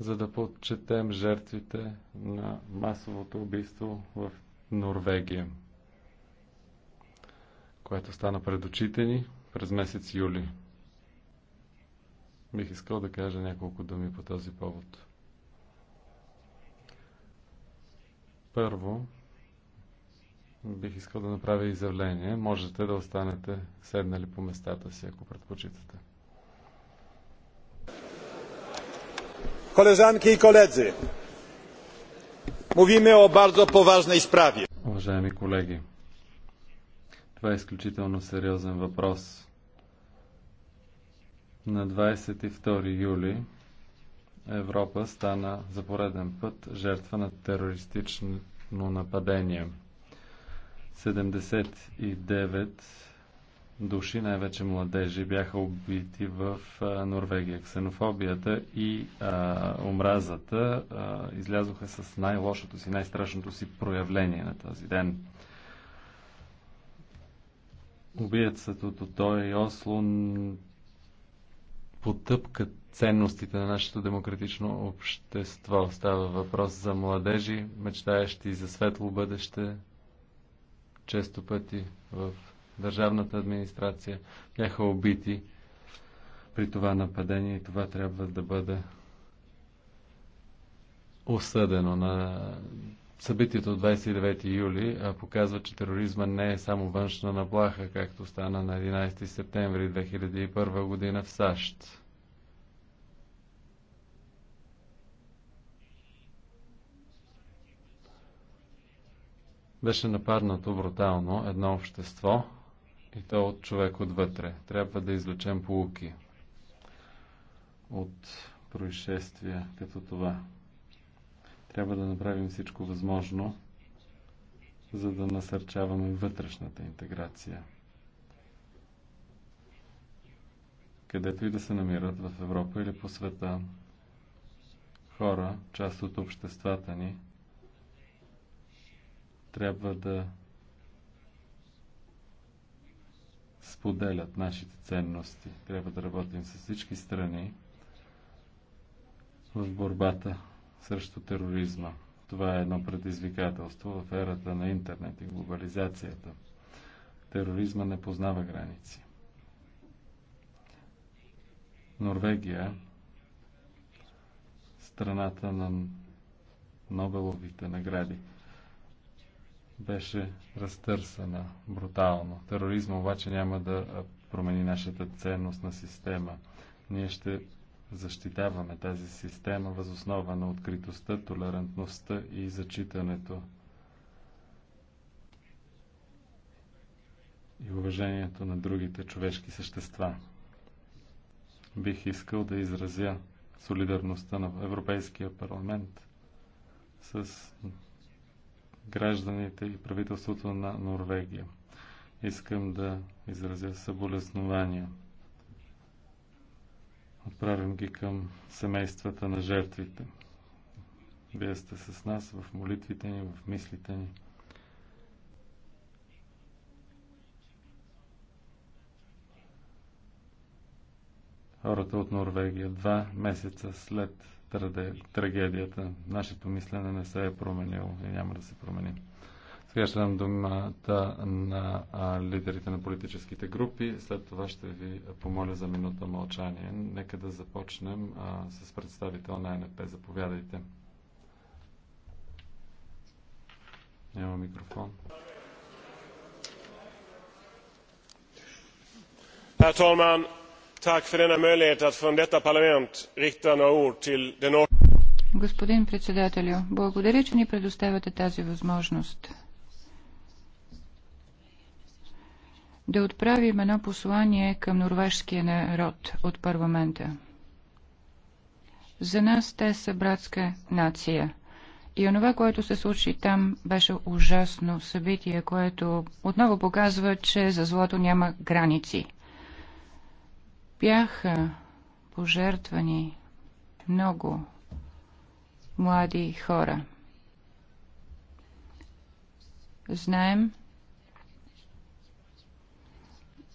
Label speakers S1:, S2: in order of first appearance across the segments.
S1: за да подчетем жертвите на масовото убийство в Норвегия, което стана пред очите ни през месец юли. Бих искал да кажа няколко думи по този повод. Първо, бих искал да направя изявление. Можете да останете седнали по местата си, ако предпочитате. Koleżanki i koledzy, mówimy o bardzo poważnej sprawie. Уважаеми колеги, това е изключително сериозен въпрос. На 22 юли Европа стана за пореден път жертва на терористично нападение. 79 души, най-вече младежи, бяха убити в Норвегия. Ксенофобията и а, омразата а, излязоха с най-лошото си, най-страшното си проявление на този ден. Убиецът от той и Осло потъпкат ценностите на нашето демократично общество. Става въпрос за младежи, мечтаещи за светло бъдеще, често пъти в държавната администрация бяха убити при това нападение и това трябва да бъде осъдено на събитието от 29 юли показва, че тероризма не е само външна наплаха, както стана на 11 септември 2001 година в САЩ. Беше нападнато брутално едно общество, и то от човек отвътре. Трябва да извлечем полуки от происшествия като това. Трябва да направим всичко възможно, за да насърчаваме вътрешната интеграция. където и да се намират в Европа или по света. Хора, част от обществата ни, трябва да споделят нашите ценности. Трябва да работим с всички страни в борбата срещу тероризма. Това е едно предизвикателство в ерата на интернет и глобализацията. Тероризма не познава граници. Норвегия, страната на Нобеловите награди беше разтърсена брутално. Тероризма обаче няма да промени нашата ценност на система. Ние ще защитаваме тази система възоснова на откритостта, толерантността и зачитането и уважението на другите човешки същества. Бих искал да изразя солидарността на Европейския парламент с гражданите и правителството на Норвегия. Искам да изразя съболезнования. Отправим ги към семействата на жертвите. Вие сте с нас в молитвите ни, в мислите ни. Хората от Норвегия два месеца след трагедията. Нашето мислене не се е променило и няма да се промени. Сега ще дам думата на лидерите на политическите групи. След това ще ви помоля за минута мълчание. Нека да започнем а, с представител на НП. Заповядайте. Няма микрофон. Herr talman!
S2: Господин председател, благодаря, че ни предоставяте тази възможност. Да отправим едно послание към норвежския народ от парламента. За нас те са братска нация. И онова, което се случи там, беше ужасно събитие, което отново показва, че за злото няма граници. Бяха пожертвани много млади хора. Знаем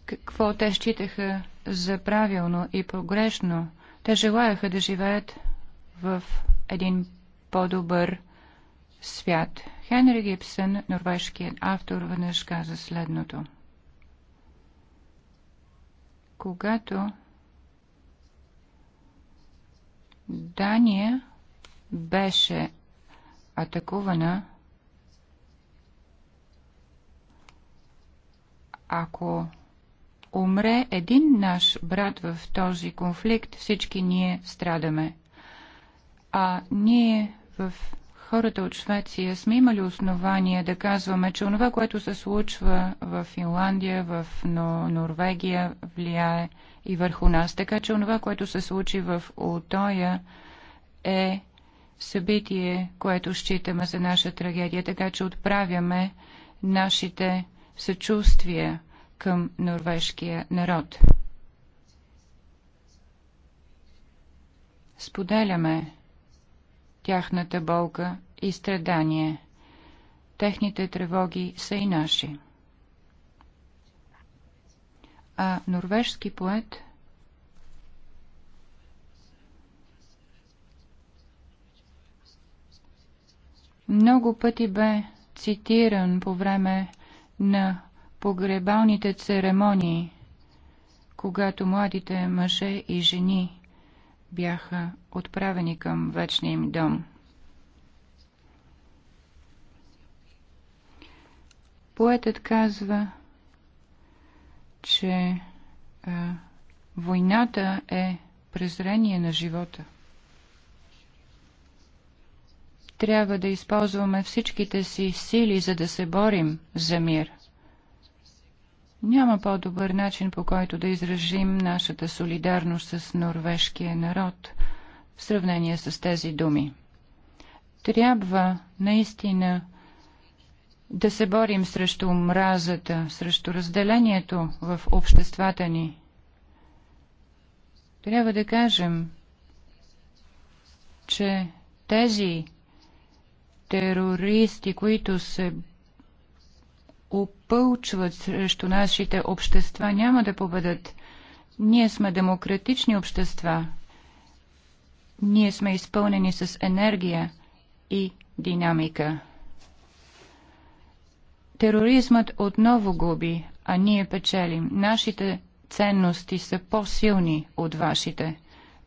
S2: какво те считаха за правилно и погрешно. Те желаяха да живеят в един по-добър свят. Хенри Гибсън, норвежкият автор, веднъж каза следното – когато Дания беше атакувана, ако умре един наш брат в този конфликт, всички ние страдаме. А ние в хората от Швеция сме имали основания да казваме, че онова, което се случва в Финландия, в Норвегия, влияе и върху нас. Така че онова, което се случи в Утоя е събитие, което считаме за наша трагедия, така че отправяме нашите съчувствия към норвежкия народ. Споделяме тяхната болка и страдание. Техните тревоги са и наши. А норвежски поет много пъти бе цитиран по време на погребалните церемонии, когато младите мъже и жени бяха отправени към вечния им дом. Поетът казва, че а, войната е презрение на живота. Трябва да използваме всичките си сили, за да се борим за мир – няма по-добър начин по който да изражим нашата солидарност с норвежкия народ в сравнение с тези думи. Трябва наистина да се борим срещу омразата, срещу разделението в обществата ни. Трябва да кажем, че тези терористи, които се опълчват срещу нашите общества, няма да победат. Ние сме демократични общества. Ние сме изпълнени с енергия и динамика. Тероризмът отново губи, а ние печелим. Нашите ценности са по-силни от вашите.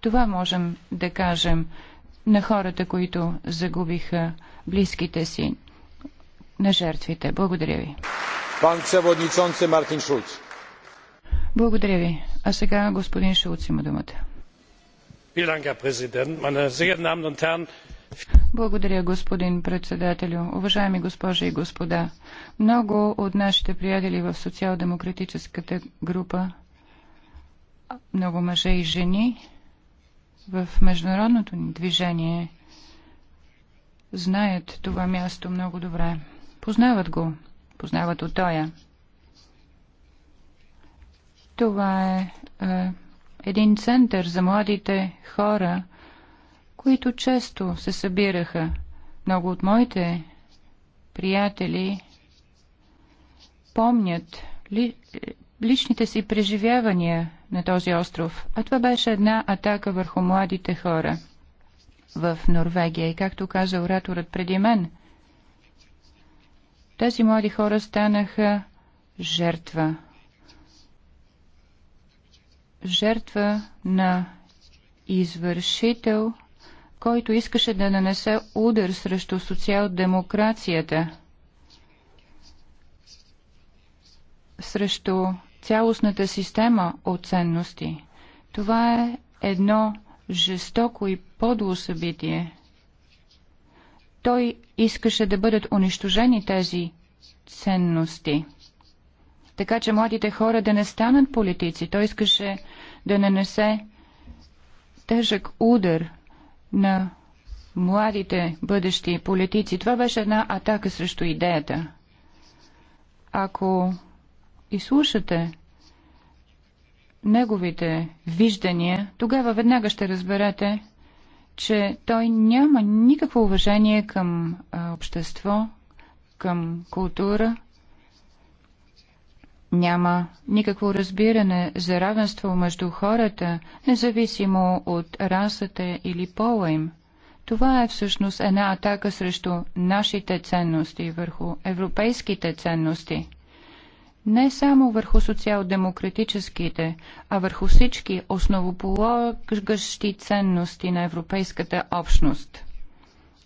S2: Това можем да кажем на хората, които загубиха близките си на жертвите. Благодаря ви.
S1: Пан Мартин Шулц.
S2: Благодаря ви. А сега господин Шулц има думата. Благодаря, господин председателю. Уважаеми госпожи и господа, много от нашите приятели в социал-демократическата група, много мъже и жени, в международното ни движение знаят това място много добре. Познават го. Познават от тоя. Това е, е един център за младите хора, които често се събираха. Много от моите приятели помнят ли, личните си преживявания на този остров, а това беше една атака върху младите хора в Норвегия. И както каза ораторът преди мен – тези млади хора станаха жертва. Жертва на извършител, който искаше да нанесе удар срещу социал-демокрацията, срещу цялостната система от ценности. Това е едно жестоко и подло събитие. Той искаше да бъдат унищожени тези ценности. Така че младите хора да не станат политици. Той искаше да нанесе тежък удар на младите бъдещи политици. Това беше една атака срещу идеята. Ако изслушате неговите виждания, тогава веднага ще разберете, че той няма никакво уважение към а, общество, към култура, няма никакво разбиране за равенство между хората, независимо от расата или пола им. Това е всъщност една атака срещу нашите ценности върху европейските ценности – не само върху социал-демократическите, а върху всички основополагащи ценности на европейската общност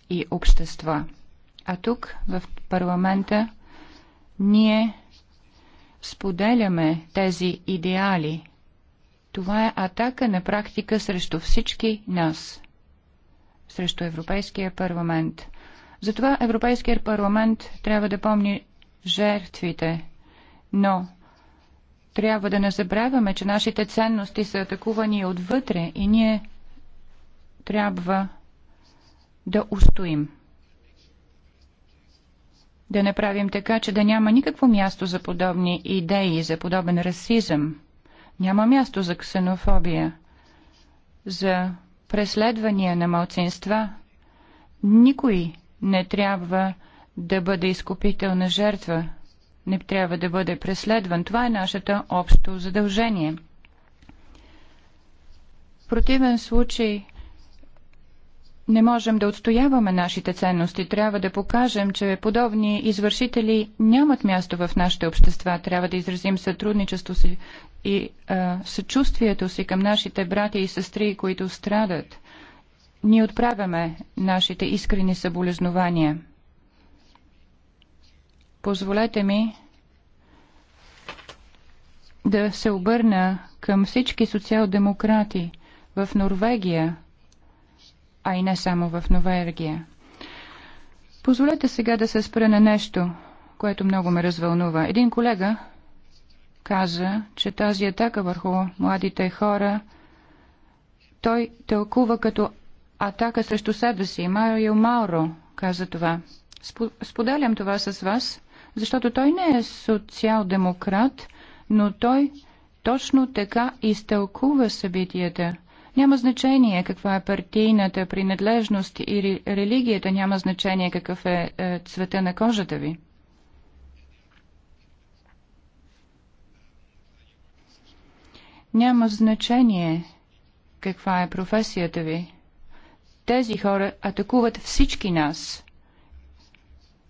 S2: и общества. А тук, в парламента, ние споделяме тези идеали. Това е атака на практика срещу всички нас, срещу Европейския парламент. Затова Европейският парламент трябва да помни жертвите но трябва да не забравяме, че нашите ценности са атакувани отвътре и ние трябва да устоим. Да не правим така, че да няма никакво място за подобни идеи, за подобен расизъм. Няма място за ксенофобия, за преследвания на малцинства. Никой не трябва да бъде изкупителна жертва не трябва да бъде преследван. Това е нашето общо задължение. В противен случай не можем да отстояваме нашите ценности. Трябва да покажем, че подобни извършители нямат място в нашите общества. Трябва да изразим сътрудничество си и а, съчувствието си към нашите брати и сестри, които страдат. Ние отправяме нашите искрени съболезнования позволете ми да се обърна към всички социал-демократи в Норвегия, а и не само в Норвегия. Позволете сега да се спра на нещо, което много ме развълнува. Един колега каза, че тази атака върху младите хора той тълкува като атака срещу себе си. Марио Мауро каза това. Споделям това с вас, защото той не е социал-демократ, но той точно така изтълкува събитията. Няма значение каква е партийната принадлежност и религията, няма значение какъв е, е цвета на кожата ви. Няма значение каква е професията ви. Тези хора атакуват всички нас.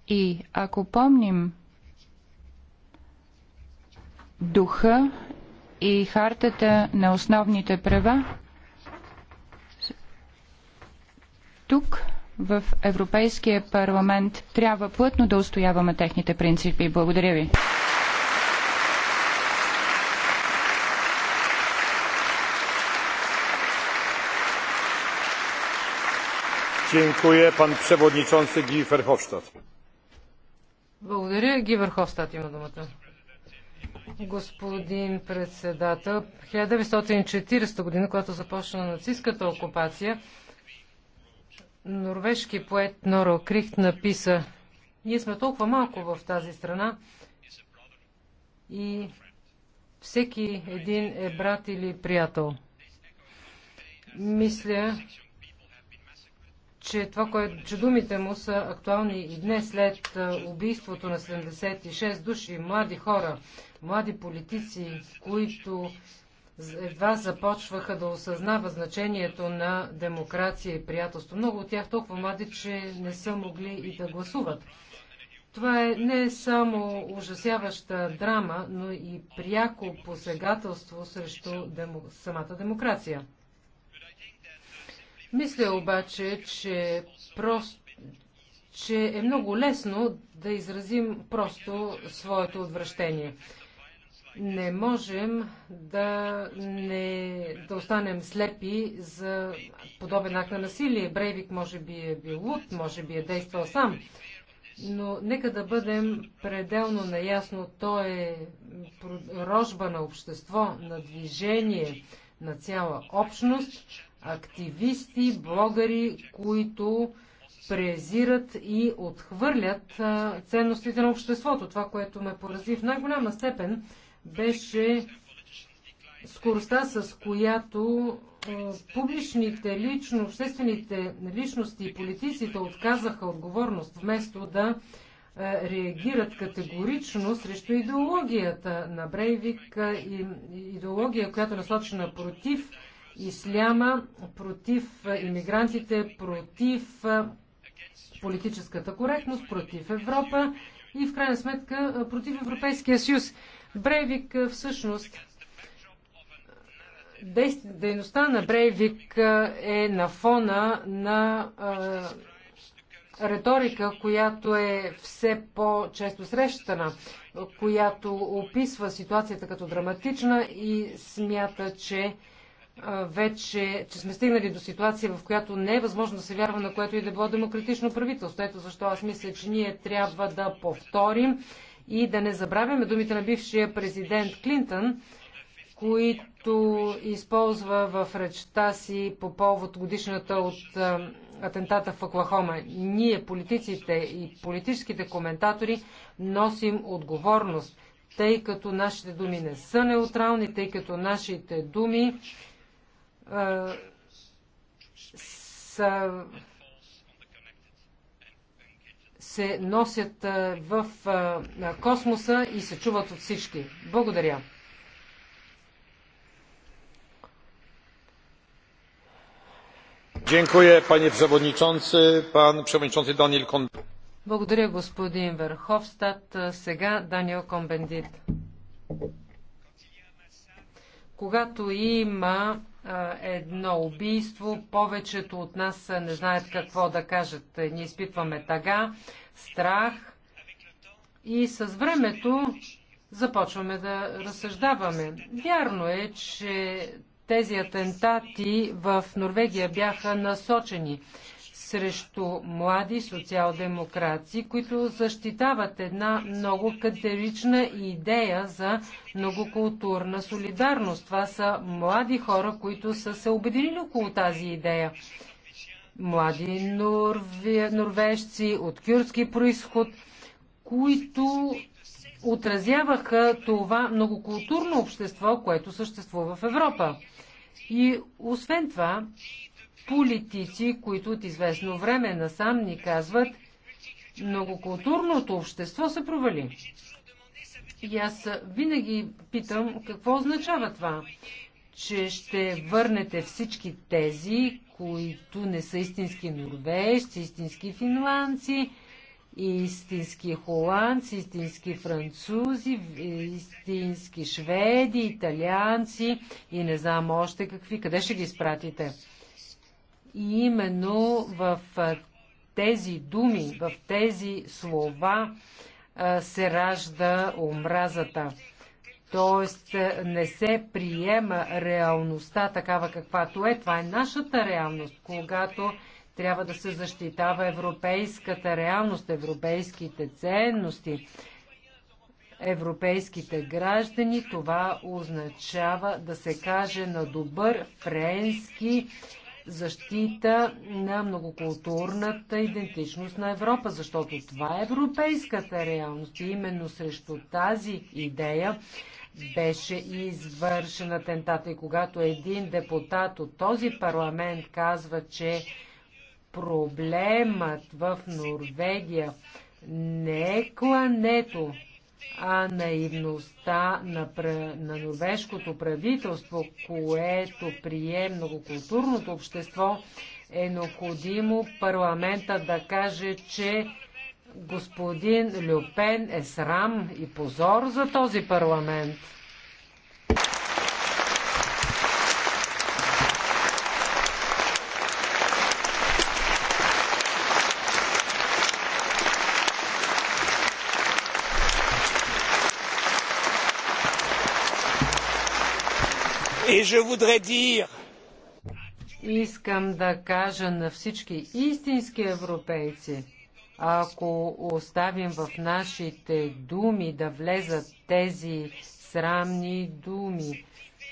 S2: И ако помним духа и хартата на основните права, тук в Европейския парламент трябва плътно да устояваме техните принципи. Благодаря ви.
S1: Dziękuję pan przewodniczący Guy Verhofstadt.
S3: Благодаря. Ги Върховстат има думата. Господин председател, 1940 година, когато започна нацистската окупация, норвежки поет Норо Крихт написа Ние сме толкова малко в тази страна и всеки един е брат или приятел. Мисля, че, това, кое, че думите му са актуални и днес след убийството на 76 души, млади хора, млади политици, които едва започваха да осъзнава значението на демокрация и приятелство. Много от тях толкова млади, че не са могли и да гласуват. Това е не само ужасяваща драма, но и пряко посегателство срещу демо... самата демокрация. Мисля обаче, че, прост, че е много лесно да изразим просто своето отвращение. Не можем да, не, да останем слепи за подобен акт на насилие. Брейвик може би е бил луд, може би е действал сам. Но нека да бъдем пределно наясно, то е рожба на общество, на движение, на цяла общност активисти, блогъри, които презират и отхвърлят ценностите на обществото. Това, което ме порази в най-голяма степен, беше скоростта, с която публичните, лично, обществените личности и политиците отказаха отговорност, вместо да реагират категорично срещу идеологията на Брейвик, и идеология, която е насочена против исляма, против иммигрантите, против политическата коректност, против Европа и в крайна сметка против Европейския съюз. Брейвик всъщност дейността на Брейвик е на фона на е, риторика, която е все по-често срещана, която описва ситуацията като драматична и смята, че вече, че сме стигнали до ситуация, в която не е възможно да се вярва на което и да било демократично правителство. Ето защо аз мисля, че ние трябва да повторим и да не забравяме думите на бившия президент Клинтън, които използва в речта си по повод годишната от атентата в Оклахома. Ние, политиците и политическите коментатори, носим отговорност, тъй като нашите думи не са неутрални, тъй като нашите думи са, се носят в космоса и се чуват от всички. Благодаря. Благодаря, господин Верховстат. Сега Даниел Комбендит. Когато има едно убийство. Повечето от нас не знаят какво да кажат. Ние изпитваме тага, страх и с времето започваме да разсъждаваме. Вярно е, че тези атентати в Норвегия бяха насочени срещу млади социал демокрации които защитават една много катерична идея за многокултурна солидарност. Това са млади хора, които са се обединили около тази идея. Млади норве... норвежци от кюрски происход, които отразяваха това многокултурно общество, което съществува в Европа. И освен това, политици, които от известно време насам ни казват, многокултурното общество се провали. И аз винаги питам, какво означава това? Че ще върнете всички тези, които не са истински норвежци, истински финландци, истински холандци, истински французи, истински шведи, италианци и не знам още какви. Къде ще ги изпратите? И именно в тези думи, в тези слова се ражда омразата. Тоест не се приема реалността такава каквато е. Това е нашата реалност, когато трябва да се защитава европейската реалност, европейските ценности, европейските граждани. Това означава да се каже на добър френски защита на многокултурната идентичност на Европа, защото това е европейската реалност и именно срещу тази идея беше извършена тентата. И когато един депутат от този парламент казва, че проблемът в Норвегия не е клането, а наивността на, на норвежкото правителство, което прие многокултурното общество, е необходимо парламента да каже, че господин Люпен е срам и позор за този парламент. Искам да кажа на всички истински европейци, ако оставим в нашите думи да влезат тези срамни думи,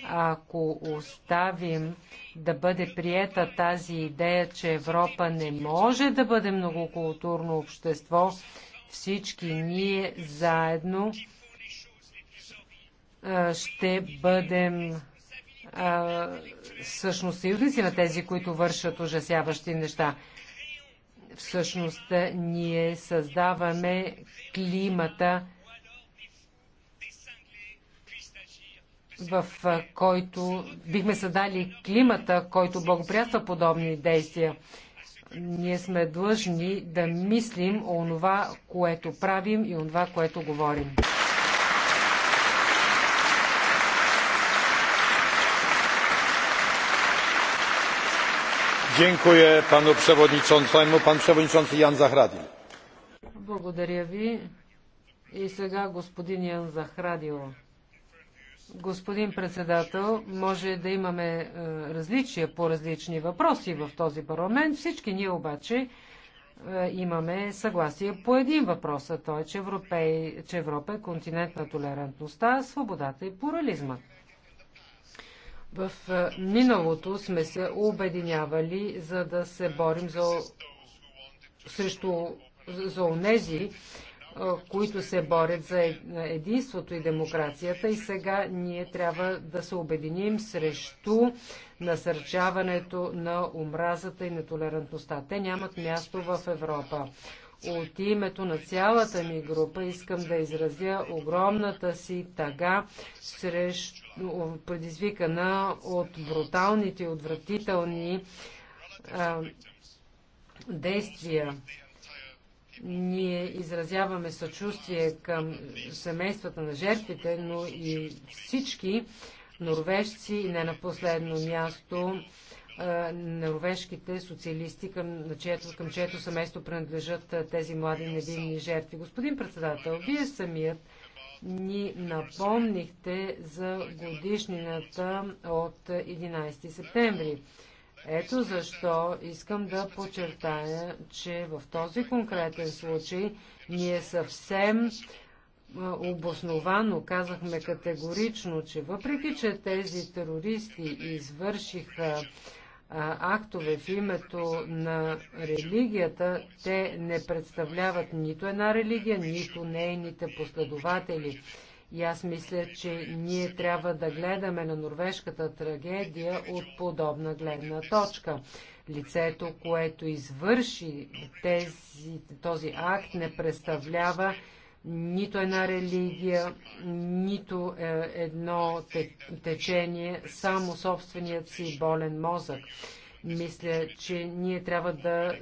S3: ако оставим да бъде приета тази идея, че Европа не може да бъде многокултурно общество, всички ние заедно ще бъдем всъщност съюзници на тези, които вършат ужасяващи неща. Всъщност е, ние създаваме климата, в който бихме създали климата, който благоприятства подобни действия. Ние сме длъжни да мислим о това, което правим и о това, което говорим.
S1: Dziękuję panu przewodniczącemu. Pan przewodniczący Jan Zahradil.
S3: Благодаря ви. И сега господин Ян Захрадил. Господин председател, може да имаме е, различия по различни въпроси в този парламент. Всички ние обаче е, имаме съгласие по един въпрос, а той е, че Европа е континент на толерантността, свободата и плурализма. В миналото сме се обединявали, за да се борим за, срещу, за онези, които се борят за единството и демокрацията и сега ние трябва да се обединим срещу насърчаването на омразата и нетолерантността. Те нямат място в Европа. От името на цялата ми група искам да изразя огромната си тага срещу предизвикана от бруталните и отвратителни а, действия. Ние изразяваме съчувствие към семействата на жертвите, но и всички норвежци и не на последно място а, норвежките социалисти, към, на чието, към чието семейство принадлежат тези млади невинни жертви. Господин председател, вие самият ни напомнихте за годишнината от 11 септември. Ето защо искам да подчертая, че в този конкретен случай ние съвсем обосновано казахме категорично, че въпреки, че тези терористи извършиха актове в името на религията, те не представляват нито една религия, нито нейните последователи. И аз мисля, че ние трябва да гледаме на норвежката трагедия от подобна гледна точка. Лицето, което извърши тези, този акт, не представлява нито една религия, нито е, едно течение, само собственият си болен мозък. Мисля, че ние трябва да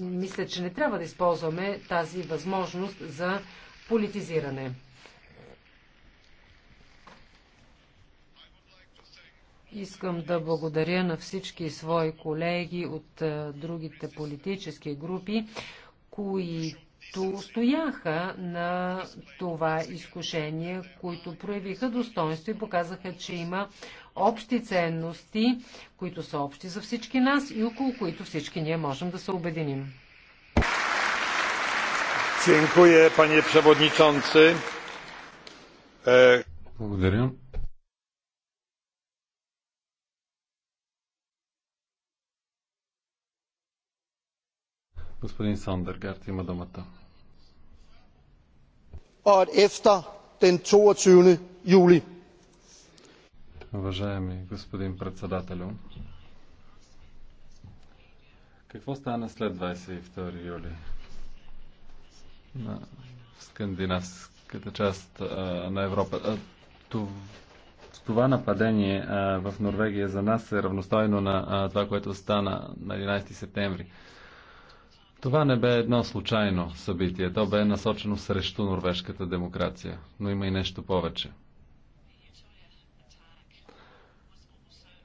S3: мисля, че не трябва да използваме тази възможност за политизиране. Искам да благодаря на всички свои колеги от е, другите политически групи, които устояха на това изкушение, които проявиха достоинство и показаха, че има общи ценности, които са общи за всички нас и около които всички ние можем да се обединим. E,
S1: Благодаря. Господин Сандергард има думата og et efter den toogtyvende juli. Уважаеми господин председателю, какво стана след 22 юли? На скандинавската част а, на Европа. А, това, това нападение а, в Норвегия за нас е равностойно на а, това, което стана на 11 септември. Това не бе едно случайно събитие. То бе насочено срещу норвежката демокрация. Но има и нещо повече.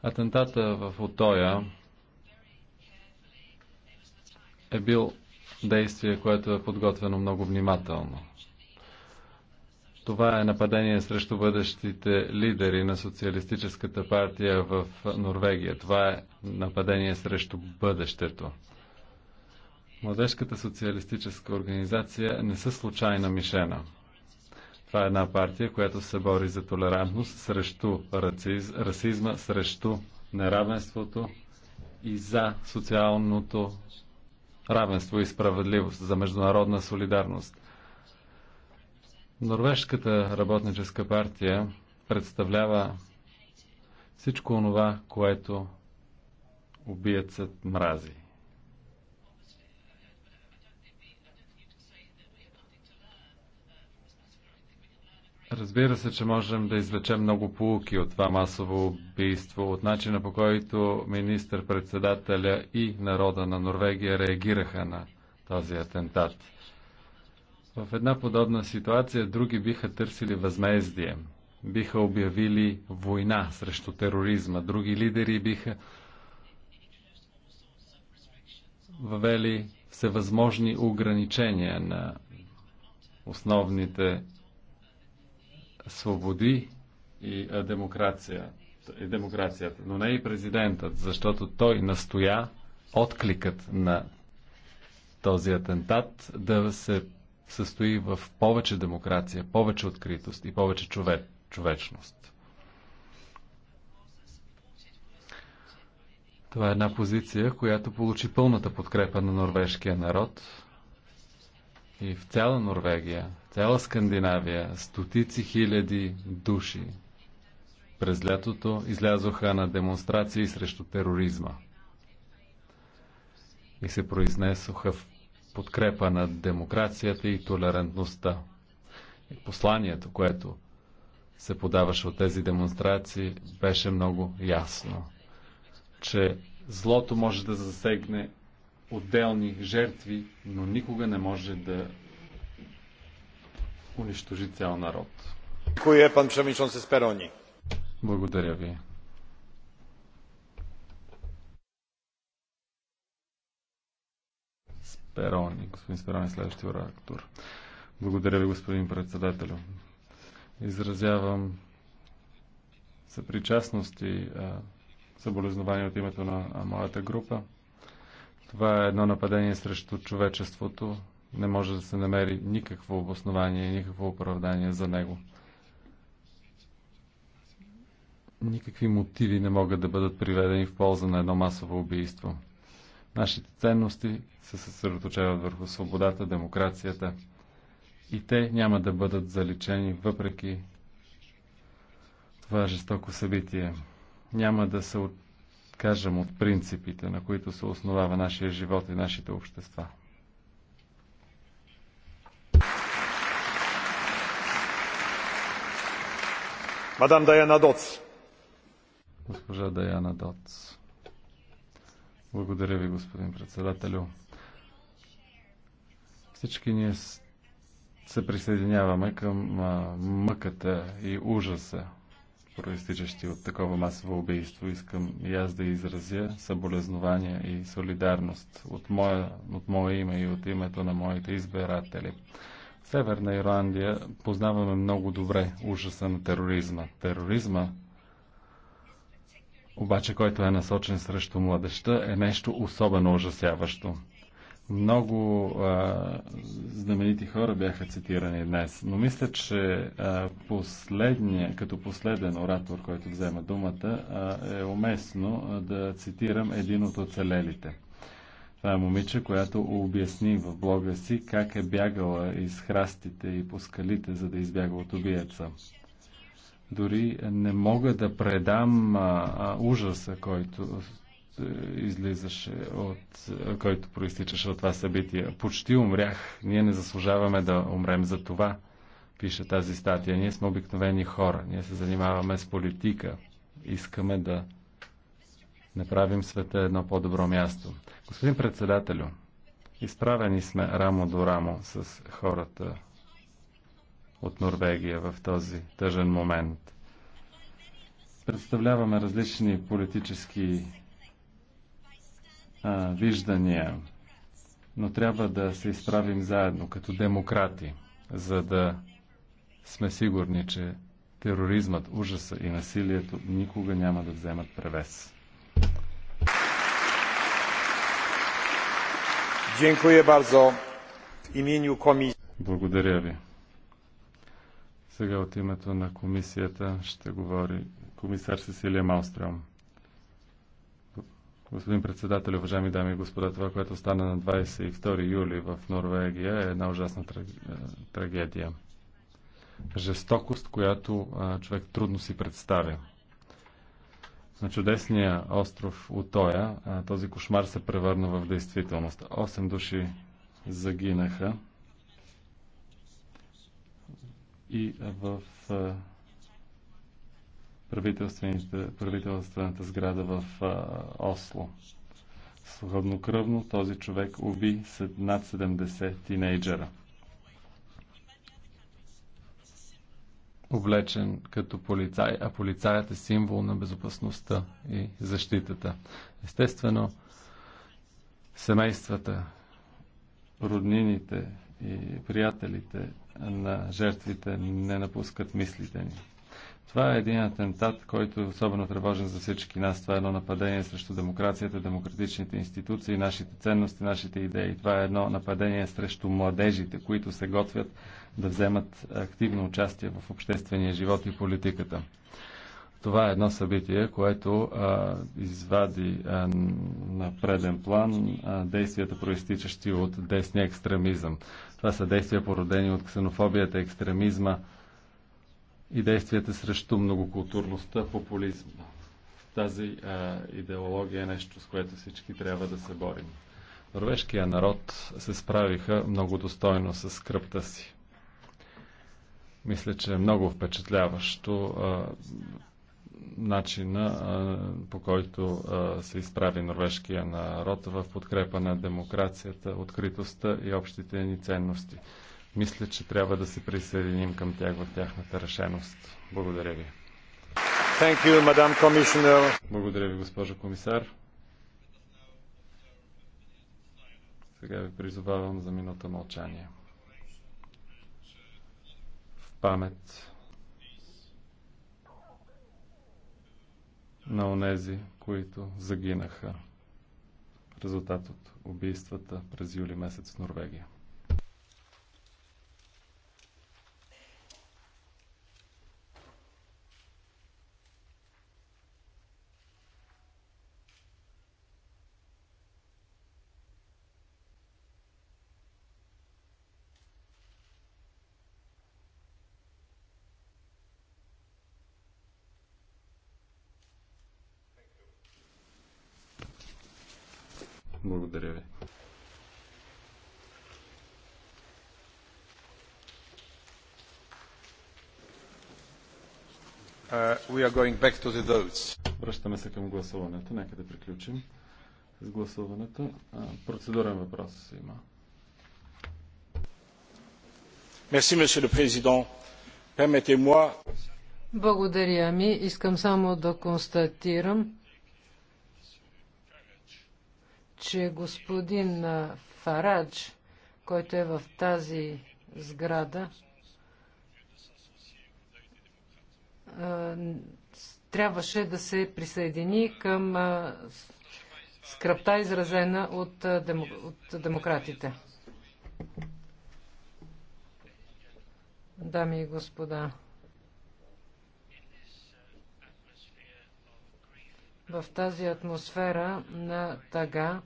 S1: Атентата в Отоя е бил действие, което е подготвено много внимателно. Това е нападение срещу бъдещите лидери на Социалистическата партия в Норвегия. Това е нападение срещу бъдещето. Младежката социалистическа организация не са случайна мишена. Това е една партия, която се бори за толерантност срещу рациз, расизма, срещу неравенството и за социалното равенство и справедливост, за международна солидарност. Норвежката работническа партия представлява всичко онова, което убиецът мрази. Разбира се, че можем да извлечем много полуки от това масово убийство, от начина по който министър-председателя и народа на Норвегия реагираха на този атентат. В една подобна ситуация други биха търсили възмездие, биха обявили война срещу тероризма, други лидери биха въвели всевъзможни ограничения на основните свободи и демокрация. И демокрацията, но не и президентът, защото той настоя откликът на този атентат да се състои в повече демокрация, повече откритост и повече чове, човечност. Това е една позиция, която получи пълната подкрепа на норвежкия народ и в цяла Норвегия Цяла Скандинавия, стотици хиляди души през лятото излязоха на демонстрации срещу тероризма и се произнесоха в подкрепа на демокрацията и толерантността. И посланието, което се подаваше от тези демонстрации, беше много ясно, че злото може да засегне отделни жертви, но никога не може да унищожи цял народ. пан Сперони? Благодаря ви. Сперони. Господин Сперони, следващия реактор. Благодаря ви, господин председателю. Изразявам съпричастност и съболезнования от името на моята група. Това е едно нападение срещу човечеството, не може да се намери никакво обоснование, никакво оправдание за него. Никакви мотиви не могат да бъдат приведени в полза на едно масово убийство. Нашите ценности се съсредоточават върху свободата, демокрацията и те няма да бъдат заличени въпреки това жестоко събитие. Няма да се откажем от принципите, на които се основава нашия живот и нашите общества. Мадам Даяна Доц. Госпожа Даяна Доц. Благодаря ви, господин председателю. Всички ние се присъединяваме към мъката и ужаса, проистичащи от такова масово убийство. Искам и аз да изразя съболезнования и солидарност от, моя, от мое име и от името на моите избиратели. Северна Ирландия познаваме много добре ужаса на тероризма. Тероризма, обаче, който е насочен срещу младеща, е нещо особено ужасяващо. Много а, знаменити хора бяха цитирани днес, но мисля, че а, последния, като последен оратор, който взема думата, а, е уместно да цитирам един от оцелелите. Това е момиче, която обясни в блога си как е бягала из храстите и по скалите, за да избяга от убиеца. Дори не мога да предам а, а, ужаса, който излизаше от, който проистичаше от това събитие. Почти умрях. Ние не заслужаваме да умрем за това, пише тази статия. Ние сме обикновени хора. Ние се занимаваме с политика. Искаме да направим света едно по-добро място. Господин председателю, изправени сме рамо до рамо с хората от Норвегия в този тъжен момент. Представляваме различни политически а, виждания, но трябва да се изправим заедно като демократи, за да сме сигурни, че тероризмът, ужаса и насилието никога няма да вземат превес. Благодаря ви. Сега от името на комисията ще говори комисар Сесилия Малстрам. Господин председател, уважаеми дами и господа, това, което стана на 22 юли в Норвегия е една ужасна е, трагедия. Жестокост, която човек трудно си представя на чудесния остров Утоя този кошмар се превърна в действителност. Осем души загинаха и в правителствената сграда в Осло. Хладнокръвно този човек уби над 70 тинейджера. облечен като полицай, а полицаят е символ на безопасността и защитата. Естествено, семействата, роднините и приятелите на жертвите не напускат мислите ни. Това е един атентат, който е особено тревожен за всички нас. Това е едно нападение срещу демокрацията, демократичните институции, нашите ценности, нашите идеи. Това е едно нападение срещу младежите, които се готвят да вземат активно участие в обществения живот и политиката. Това е едно събитие, което а, извади а, на преден план а, действията, проистичащи от десния екстремизъм. Това са действия, породени от ксенофобията, екстремизма и действията срещу многокултурността, популизма. Тази а, идеология е нещо, с което всички трябва да се борим. Норвежкия народ се справиха много достойно с кръпта си. Мисля, че е много впечатляващо начина по който се изправи норвежкия народ в подкрепа на демокрацията, откритостта и общите ни ценности. Мисля, че трябва да се присъединим към тях в тяхната решеност. Благодаря ви. Thank you, Madam Commissioner. Благодаря ви, госпожо комисар. Сега ви призовавам за минута мълчание памет на онези, които загинаха в резултат от убийствата през юли месец в Норвегия. Uh, Връщаме се към гласуването. Нека да приключим с гласуването. Процедурен въпрос има.
S3: Благодаря ми. Искам само да констатирам, че господин Фарадж, който е в тази сграда, трябваше да се присъедини към скръпта, изразена от, демо, от демократите. Дами и господа, в тази атмосфера на тага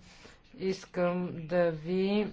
S3: искам да ви